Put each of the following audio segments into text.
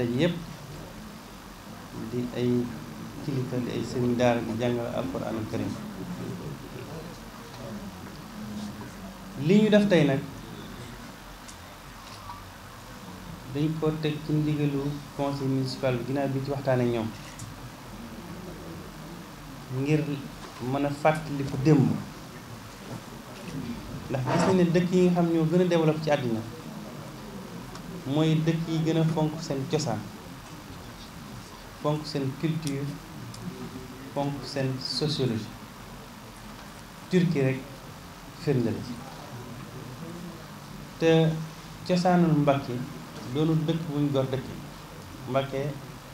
daje di ay kilifa di ay sëriñ daara di jàngale alquran al li ñu def tey nag dañ ko teg ci ndigalu conseil municipal bi ginnaaw bi ci waxtaan ak ñoom ngir mën a fàttali ko démb ndax gis ne dëkk yi nga xam ñoo gën a développé ci àddina mooy dëkk yi gën a fonk seen cosaan fonk seen culture fonk seen sociologie Turquie rek firnde la te cosaanul Mbàkke doonul dëkk buñ gor dëkk Mbàkke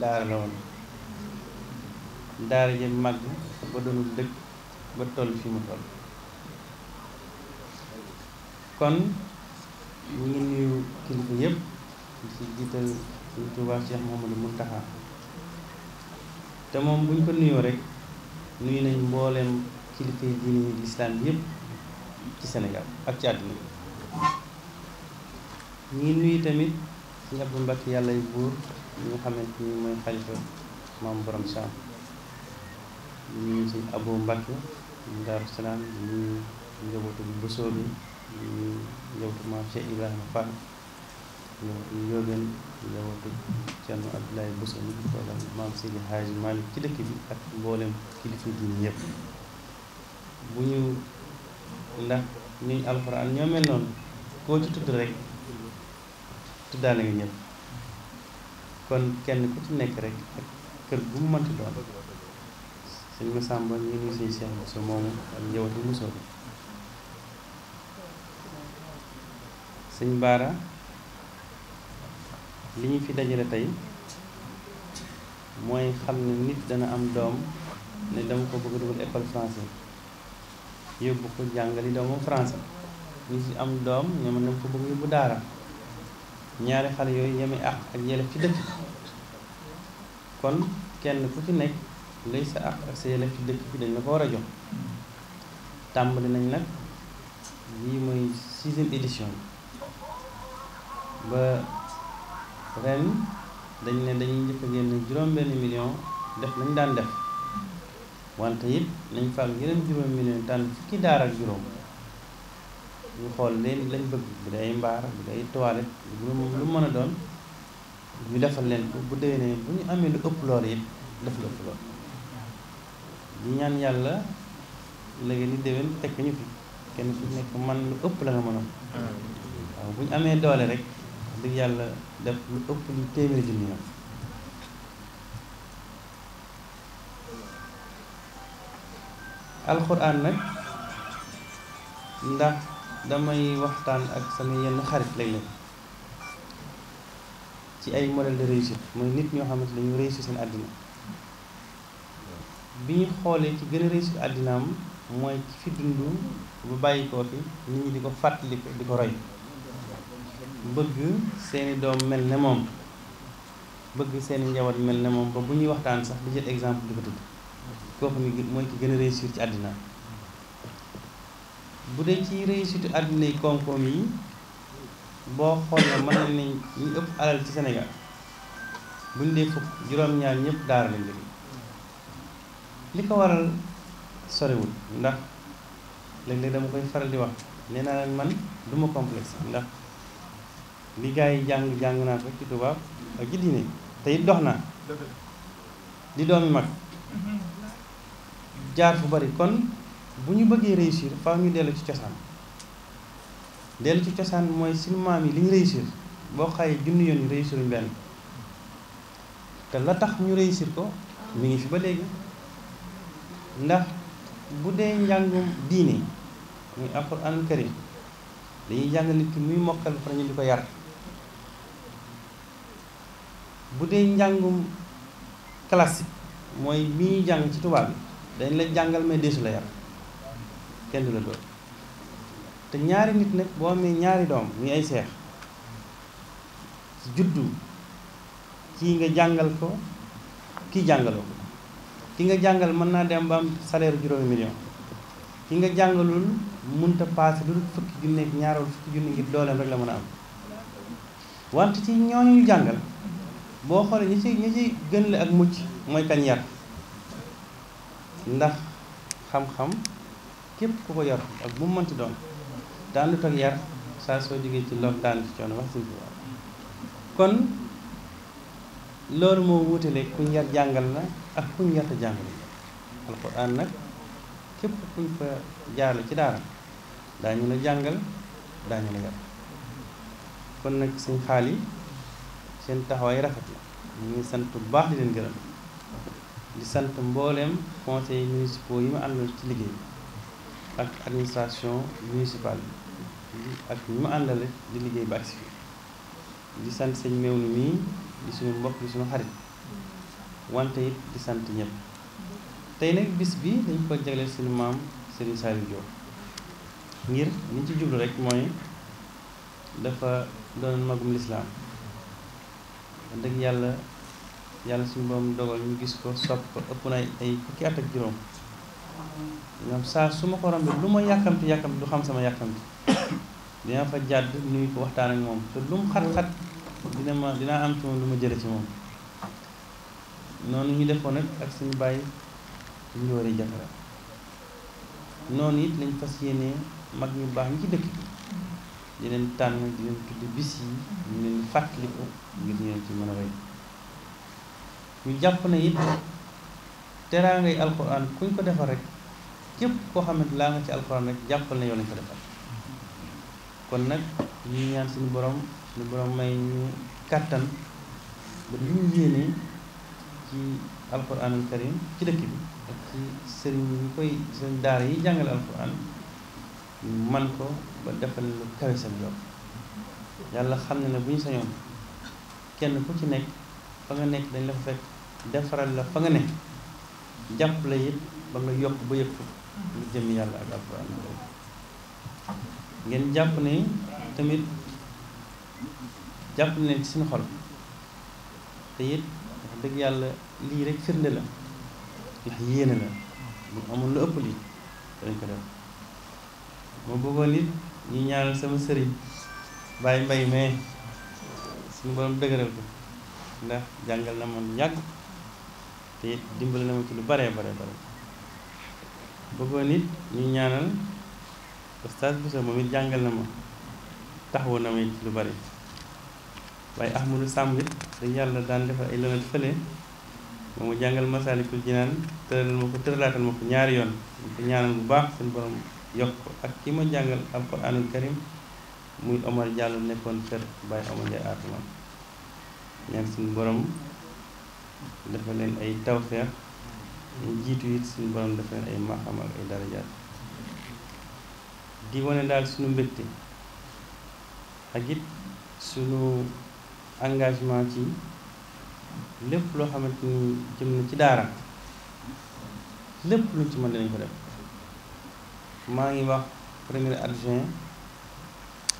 daara la daara jëm màgg ba doonul dëkk ba toll fi mu toll kon ñu ngi nuyu kilifa yëpp di si jiital suñu Tuubaa Cheikh Mouhamadou Mountakha te moom buñ ñu ko nuyoo rek nuyu nañ mbooleem kilifa yi diine yi lislaam yëpp ci Sénégal ak ci àddina bi ñu ngi nuyu tamit suñu Abdou Mbacké yàlla yu buur ñi nga xamante mooy xalifa maam borom saam ñu nuyu suñu Abou Mbacké ñu salaam ñu njabootu bu Bousso bi di njabootu maam Cheikh Ibrahima Fall njabootu Njóobeen njabootu Cerno Abdoulaye Bousso mi toogal maam Seydi Hadji Malick ci dëkk bi ak mboolem kilifa diine yépp bu ñu ndax ñuy alxuraan ñoo mel noonu koo ci tudd rek tuddaale nga ñëpp kon kenn ku ci nekk rek ak kër gu mu mënti doon sëñ Masamba ñu ngi sëñ Cheikh Bousso moomu ak njabootu Bousso bi sëñ Baara li ñu fi dajale tey mooy xam ne nit dana am doom ne dama ko bëgg dugal école français yóbbu ko jàngali doomam français nit yi am doom ne man dama ko bëgg yóbbu daara ñaari xale yooyu yeme àq ak yelef ci dëkk kon kenn ku ci nekk lay sa àq ak sa yelef ci dëkk bi dañ la ko rajo tàmbali nañ nag lii mooy sixième édition ba ren dañ ne dañuy njëkk a génn juróom-benn million def nañ daan def wante yit nañ faag yeneen juróom million tànn fukki daar ak juróom ñu xool leen lañ bëgg bu dee mbaar bu dee ay toilette lu mën a doon ñu defal leen bu déwénee bu ñu amee lu ëpp lool it def lu ëpp lool di ñaan yàlla léegi ni déwén tekk ñu fi kenn ku nekk man lu ëpp la nga mën a waaw bu ñu amee doole rek dëgg yàlla def lu ëpp lu téeméeri junni yoon alxuraan nag ndax damay waxtaan ak sama yenn xarit lay léeg ci ay modèle de réussite mooy nit ñoo xamante dañu réussir seen àddina bi ñu xoolee ci gën a réussir àddinaam mooy ci fi dund bu bàyyi koo fi nit ñi di ko fàttali ko di ko roy bëgg seeni doom mel ne moom bëgg seeni njaboot mel ne moom ba bu ñuy waxtaan sax di jël exemple di ko tudd koo mooy ki gën a réussir ci àddina bu dee ci réussite àddina yi koom-koom yi boo xoolee mën nañ ne ñu ëpp alal ci Sénégal buñ dee fukk juróom-ñaar ñëpp daara lañ jóge li ko waral sorewul ndax léeg-léeg dama koy faral di wax nee naa leen man du ma complexe ndax li gars yi jàng jàng naa ko ci tubaab ak ci diine te it dox naa di doomi mag jaar fu bari kon bu ñu bëggee réussir faaw ñu dellu ci cosaan dellu ci cosaan mooy suñu maam yi liñ ñu réussir boo xayee junni yoon ñu réussir benn te la tax ñu réussir ko mi ngi fi ba léegi ndax bu dee njàngum diine muy alxuraanul karim dañuy jàng nit ki muy mokkal fara ñu di ko yar bu dee njàngum classique mooy bi jàng ci tubaab bi dañ la jàngal mais deesu la yar kenn du la dóor te ñaari nit nag boo amee ñaari doom muy ay seex juddu kii nga jàngal ko kii jàngaloo ko ki nga jàngal mën naa dem ba am salaire juróomi million ki nga jàngalul munta paase lu dul fukki junne ak ñaaral fukki junne ngir dooleem rek la mën a am wante ci ñooñu jàngal boo xoolee ñi ci ñi ci gën la ak mucc mooy kañ yar ndax xam-xam képp ku ko yor ak bu mu mënti doon daan lu toog yar saa soo jógee ci loolu daan ci coono kon loolu moo wuutale kuñ yar jàngal la ak kuñ yarta jàngal alxuraan nag képp kuñ fa jaarle ci daara daañu la jàngal daañu la yar kon nag suñ xaal seen taxawaay rafet na ñu ngi sant bu baax di leen gërëm di sant mbooleem conseil municipal yi ma àndal ci liggéey bi ak administration municipale bi ak ma àndale di liggéey ba agsi sant sëñ meew ni mii di suñu mbokk di suñu xarit wante it di sant ñëpp tey nag bis bi dañ ko jagleel suñu maam Serigne Saliou Diop ngir liñ ci jublu rek mooy dafa doon magum lislaam wax dëgg yàlla yàlla suñu borom dogal ñu gis ko sopp ko ëpp na ay fukki at ak juróom ñoom saa su ma ko rombee lu ma yàkkamti yàkkamti du xam sama yàkkamti dina fa jàdd nuyu ko waxtaan ak moom te lu xat-xat dina ma dinaa am ci lu ma jële ci moom noonu ñu defoon nag ak suñu bàyyi suñu waree jafara noonu it lañ fas yéenee mag ñu baax ñi ci dëkk di leen tànn di leen tudd bis yi ñu leen fàttaliku ngir ñeen ci mën a roy ñu jàpp na it teraangay alquran kuñ ko defal rek képp koo xam ne laa nga ci alquran rek jàppal na yow lañ ko defal kon nag ñu ñaan suñu borom suñu borom may ñu kàttan ba li ñu yéene ci alquranul karim ci dëkk bi ak ci sëriñ yi koy sëriñ daara yi jàngale alquran man ko ba defal lu kawe seen yoon yàlla xam na ne bu ñu sañoon kenn ku ci nekk fa nga nekk dañ la fa fekk defaral la fa nga ne jàpp la it ba nga yokk ba yëpp lu jëm yàlla ak alquran ngeen jàpp ne tamit jàpp ne ci suñu it dëgg yàlla lii rek firnde la ndax yéene amul lu ëpp lii danañ ko def moo bëggoon it ñu ñaanal sama sëriñ bàyyi mbay mais suñu borom dëgëral ko ndax jàngal na man yàgg te dimbali na ma ci lu baree bare bare bëggoon it ñu ñaanal ustaas bu sa moom it jàngal na ma taxawu na ma ci lu bare waaye Ahmadou Samb it dañ yàlla daan defar ay lënal fële moom jàngal Masaalikul Jinaan tëralal ma ko tëralaatal ma ko ñaari yoon ma ko ñaanal bu baax seen borom yokk ak ki ma jàngal alquranul karim muy Omar Diallo nekkoon kër Baye Omar Ndiaye Atma ñaan suñu borom dafa leen ay tawfeex ñu jiitu it suñu borom dafa leen ay maxam ak ay darajaat di wane daal suñu mbégte ak it suñu engagement ci lépp loo xamante ni jëm na ci daara lépp luñ ma mën lañ ko def maa ngi wax premier adjoint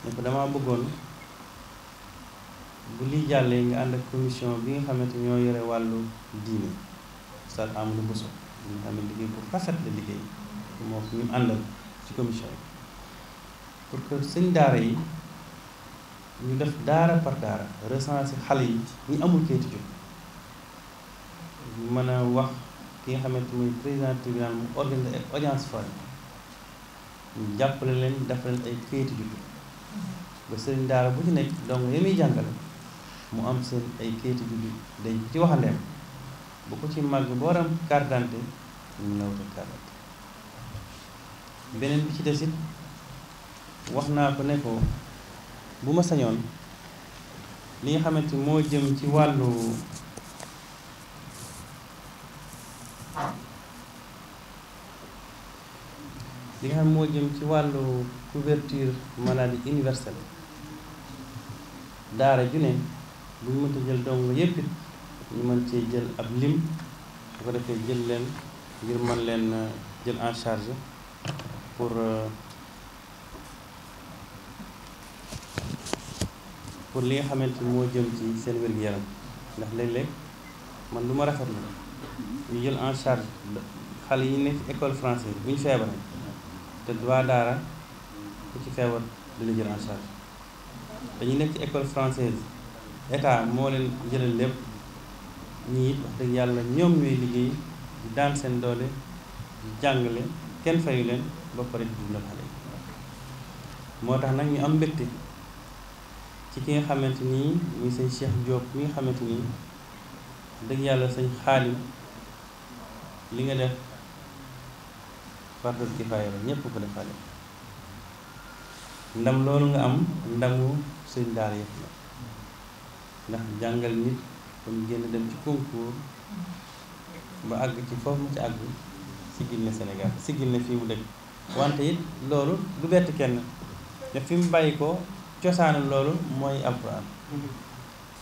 ne ko damaa bëggoon bu lii jàllee nga ànd ak commission bi nga xamante ñoo yore wàllu diine Oustaz Amadou Bousso ñu xam amee liggéey bu rafet la liggéey moo ko ñu àndal ci commission yi pour que sëñ daara yi ñu def daara par daara recensé xale yi ñu amul kayitu jóg mën a wax ki nga xamante mooy président tribunal mu organiser audience foraine jàppale leen def leen ay kayitu juddu ba sëriñ daara bu ci nekk donc li muy jàngale mu am seen ay kayitu juddu dañ ci waxandeem bu ko ci màgg booram carte d'identité ñu beneen bi ci des it wax naa ko ne ko bu ma sañoon li nga xamante moo jëm ci wàllu li nga xam moo jëm ci wàllu couverture maladie universelle daara ju ne bu mënta jël dong yépp it ñu mën cee jël ab lim bu ko defee jël leen ngir man leen euh, jël en charge pour euh, pour li nga xamante ni moo jëm ci seen wér-gu-yaram ndax léeg-léeg man lu ma rafetlu ñu jël en charge xale yi nekk ci école française bu ñu feebaree te waa daara ku ci feebar dina jël en charge dañuy nekk ci école française état moo leen jëlal lépp ñii wax dëgg yàlla ñoom ñooy liggéey di daan seen doole di jàngale kenn fayu leen ba pare di dundal xale yi moo tax nag ñu am mbégte ci ki nga xamante nii muy sëñ Cheikh Diop mi nga xamante nii dëgg yàlla sëñ xaalim li nga def fardal kifaaya la ñépp ko defaale ndam loolu nga am ndamu sëñ daara yëpp la ndax jàngal nit ba mu génn dem ci concours ba àgg ci foofu mu ci àgg siggil na Sénégal fii mu dëkk wante it loolu du bett kenn te fi mu bàyyi ko cosaanu loolu mooy alxuraan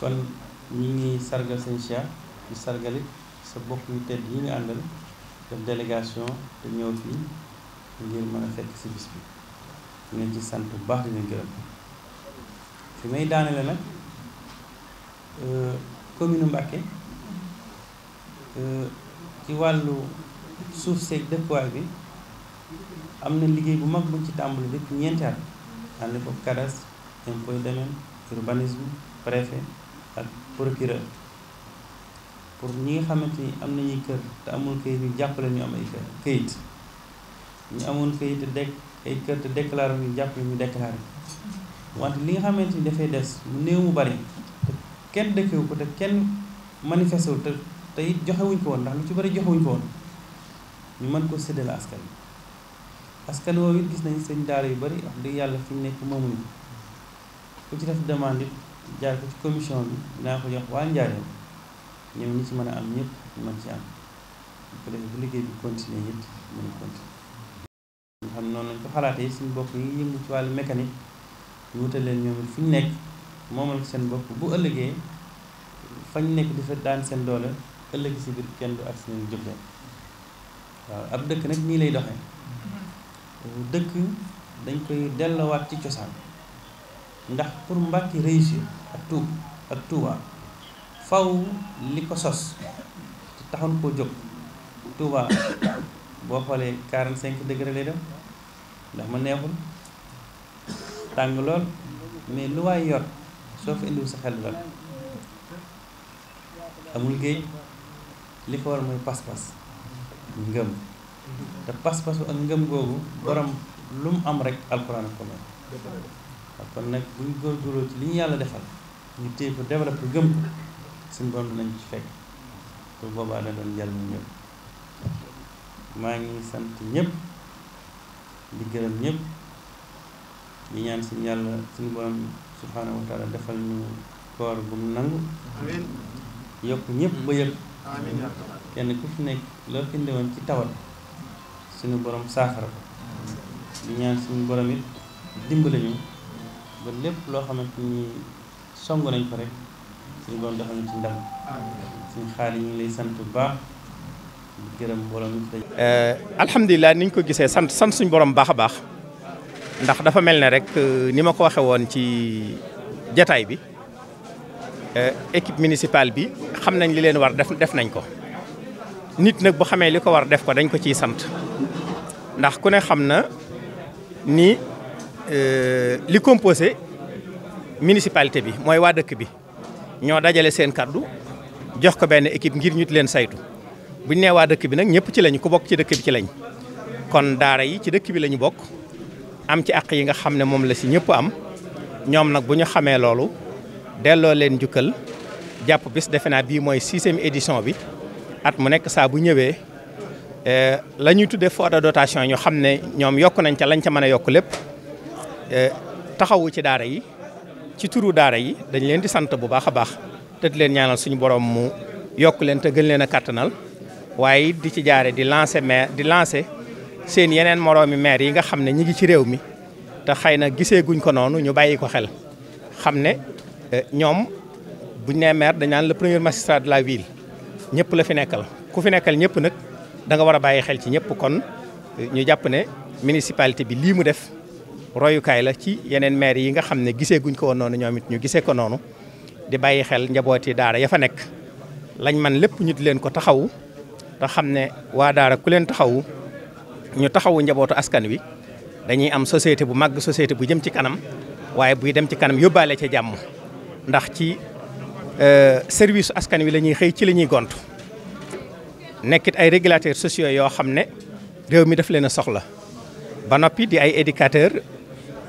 kon ñi ngi sargal sëñ Cheikh di sargalit sa bokk yu tedd yi nga àndal def délégation te ñëw fii ngir mën a fekk si bi ñu leen sant bu baax di leen gërëm fi may daanele nag euh, commune Mbacké euh, ci wàllu suuf seeg dëkkuwaay bi am na liggéey bu mag buñ ci tàmbali depuis ñeenti at ànd ko cadastre impôt domaine urbanisme préfet ak procureur pour ñi nga xamante ni am nañuy kër te amul këyit ñu jàppale ñu am ay këyit ñu amoon këyit te dekk ay kër te déclaré ñu jàppale ñu déclaré wante li nga xamante ni dafay des mu néew mu bari te kenn dëkkewu ko te kenn manifesté wu te te it joxewuñ ko woon ndax lu ci bari joxewuñ ko woon ñu mën ko séddale askan wi askan woowu it gis nañ sëñ daara yu bari wax dëgg yàlla fi ñu nekk moomuñu ku ci def demande it jaar ko ci commission bi naa ko jox waa Njaareem ñoom ñi ci mën a am ñëpp mën ci am bu defee bu liggéey bi continuer it mën continuer nga xam noonu lañ ko xalaatee suñu bopp yi yëngu ci wàllu mécanique ñu wutal leen ñoom it fu ñu nekk moom ko seen bopp bu ëllëgee fañ nekk di fa daan seen doole ëllëg si biir kenn du ak seen jëf waaw ab dëkk nag nii lay doxee dëkk dañ koy dellowaat ci cosaan ndax pour Mbàkke réussir ak tuub faw li ko sos te taxoon koo jóg Touba boo xoolee 45 degré lay dem ndax ma neexul tàng lool mais lu waay yor soo fa indiwu sa xel lool amul géej li ko war mooy pas-pas ngëm te pas-pasu ak ngëm googu borom lu mu am rek alxuraan ko moom kon nag bu ñu góorgóorloo ci li ñu yàlla defal ñu téye ko gëm suñ borom dinañ ci fekk bu boobaa na doon jàll ñu ñëpp maa ngi sant ñëpp di gërëm ñëpp di ñaan suñ yàlla suñ borom subhaanahu wa taala defal ñu koor bu mu nangu yokk ñëpp ba yëpp kenn ku fi nekk loo fi ndewoon ci tawat suñu borom saafara ko di ñaan suñu boromit it dimbali ñu ba lépp loo xamante ni song nañ ko rek suñu borom defal ñu ñu ngi lay bu baax di gërëm mbooloo euh, alhamdulilah ni ko gisee sant sant suñu borom baax a baax ndax dafa mel ne rek euh, ni ma ko waxee woon ci jataay bi euh, équipe municipale bi xam nañ li leen war def def nañ ko nit nag bu xamee li ko war def ko dañ ko ciy sant ndax ku ne xam na ni li composé municipalité bi mooy waa dëkk bi ñoo dajale seen kaddu jox ko benn équipe ngir ñu leen saytu buñ nee waa dëkk bi nag ñëpp ci lañ ku bokk ci dëkk bi ci lañ kon daara yi ci dëkk bi lañu bokk am ci àq yi nga xam ne moom la si ñëpp am ñoom nag bu ñu xamee loolu delloo leen njukkal jàpp bis defe naa bii mooy sixième édition bi at mu nekk saa bu ñëwee eh, la ñuy tuddee fonds dotation ñu xam ne ñoom yokk nañ ca lañ ca mën a yokk lépp eh, taxawu ci daara yi. ci turu daara yi dañ leen di sant bu baax a baax te leen ñaanal suñu borom mu yokk leen te gën leen a kattanal waaye di ci jaare di lancer maire di lancer seen yeneen moroomi maire yi nga xam ne ñi ngi ci réew mi te xëy na gisee guñ ko noonu ñu bàyyi ko xel xam ne eh, ñoom buñ nee maire dañ naan le premier magistrat de la ville ñëpp la fi nekkal ku fi nekkal ñëpp nag da nga war a bàyyi xel ci ñëpp kon eh, ñu jàpp ne municipalité bi lii mu def royukaay la ci yeneen maire yi nga xam ne gisee guñ ko woon noonu ñoom it ñu gisee ko noonu di bàyyi xel njabooti daara ya fa nekk lañ man lépp ñu di leen ko taxawu te xam ne waa daara ku leen taxawu ñu taxawu njabootu askan wi dañuy am société bu màgg société bu jëm ci kanam waaye buy dem ci kanam yóbbaale ca jàmm ndax ci euh, service askan wi lañuy xëy ci la ñuy gont nekkit ay régulateurs sociaux yoo xam ne réew mi def leen a soxla ba noppi di ay éducateurs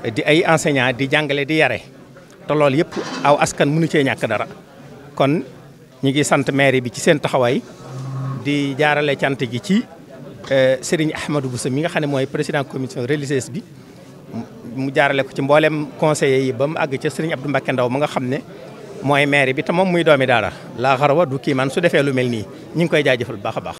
di ay enseignant di jàngale di yare te loolu yëpp aw askan mënu cee ñàkk dara kon ñu ngi sant maire bi ci seen taxawaay di jaarale cant gi ci euh, Serigne Ahmadou Bousso mi nga xam ne mooy président commission religieuse bi mu jaarale ko ci mboolem conseillers yi ba mu àgg ca Serigne Abdou Mbacke Ndaw ma nga xam ne mooy maire bi te moom muy doomi daara laa xarawa du kii man su defee lu mel nii ñu ngi koy jaajëfal bu baax a baax